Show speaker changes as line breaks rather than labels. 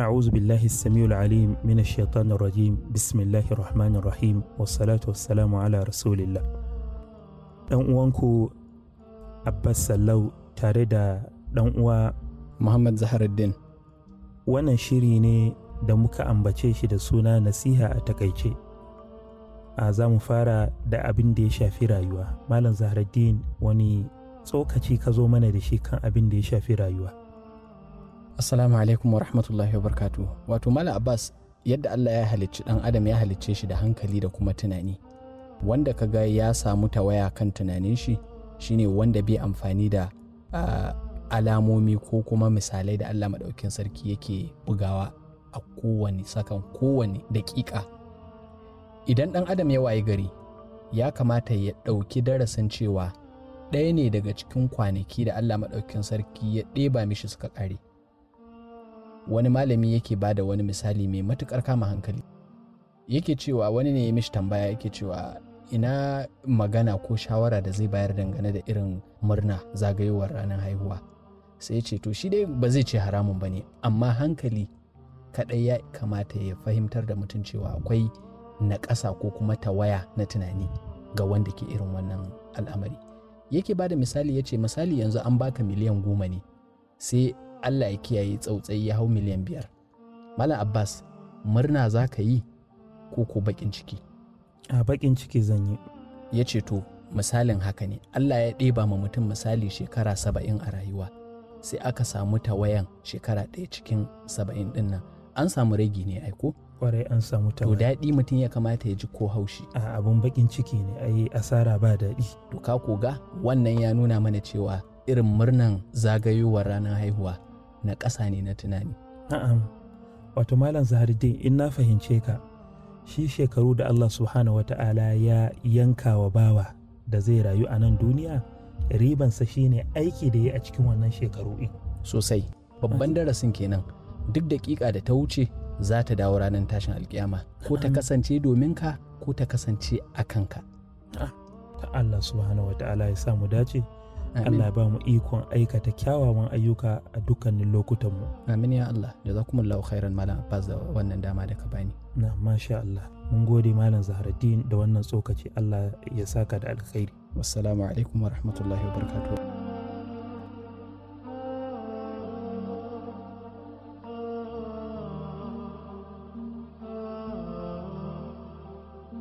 أعوذ بالله السميع العليم من الشيطان الرجيم بسم الله الرحمن الرحيم والصلاة والسلام على رسول الله ɗan uwanku Abbas Sallau tare da ɗan uwa Muhammad Zaharuddin wannan shiri ne da muka ambace shi da suna nasiha a takaice a za mu fara da abin da ya shafi rayuwa Malam Zaharuddin wani
tsokaci ka zo mana da shi kan abin da ya shafi rayuwa Assalamu alaikum wa rahmatullahi wa barkatu. Wato Mala Abbas yadda Allah ya halicci ɗan Adam ya halicce shi da hankali da kuma tunani. Wanda ka ga ya samu tawaya kan tunanin shi shine wanda bai amfani da alamomi ko kuma misalai da Allah maɗaukin sarki yake bugawa a kowane sakan kowane daƙiƙa. Idan ɗan Adam ya wayi gari ya kamata ya ɗauki darasin cewa ɗaya ne daga cikin kwanaki da Allah maɗaukin sarki ya ɗeba mishi suka ƙare. wani malami yake ba da wani misali mai matukar kama hankali yake cewa wani ne ya mishi tambaya yake cewa ina magana ko shawara da zai bayar dangane da irin murna zagayowar ranar haihuwa sai ya ce to shi dai ba zai ce haramun ba ne amma hankali kaɗai ya kamata ya fahimtar da mutum cewa akwai naƙasa ko kuma tawaya na tunani ga wanda ke irin wannan al'amari yake ba da misali ya ce misali yanzu an baka miliyan goma ne sai Allah ya kiyaye tsautsayi ya hau miliyan biyar Malam Abbas murna za ka yi ko ko bakin ciki a bakin ciki zan yi ya ce to misalin haka ne Allah ya ɗeba ma mutum misali shekara saba'in a rayuwa sai aka samu tawayan shekara ɗaya cikin saba'in ɗin nan an samu ragi ne aiko kwarai an samu tawayan to daɗi mutum ya kamata ya ji ko haushi a abun bakin ciki ne ai asara ba daɗi to ka koga wannan ya nuna mana cewa irin murnan zagayowar ranar haihuwa na ƙasa ne na tunani
na'am wato malam zaharuddin in na fahimce ka shi shekaru da Allah subhanahu wa ta'ala ya yanka wa bawa da zai rayu a nan duniya ribansa shi ne aiki da ya a cikin wannan shekaru ɗin
sosai babban darasin kenan duk da ƙiƙa da ta wuce za ta dawo ranar tashin alƙiyama. ko ta kasance domin ka ko ta kasance a kanka ah, Allah subhanahu wa ta'ala ya samu dace
Allah ya ba mu ikon aikata kyawawan ayyuka a dukkanin lokutanmu. Amin ya Allah, da za lau khairan malam Abbas da wannan dama da ka bani. Na masha Allah, mun gode malam Zaharaddin da wannan tsokaci Allah ya saka da alkhairi. Wassalamu alaikum wa rahmatullahi wa barakatuh.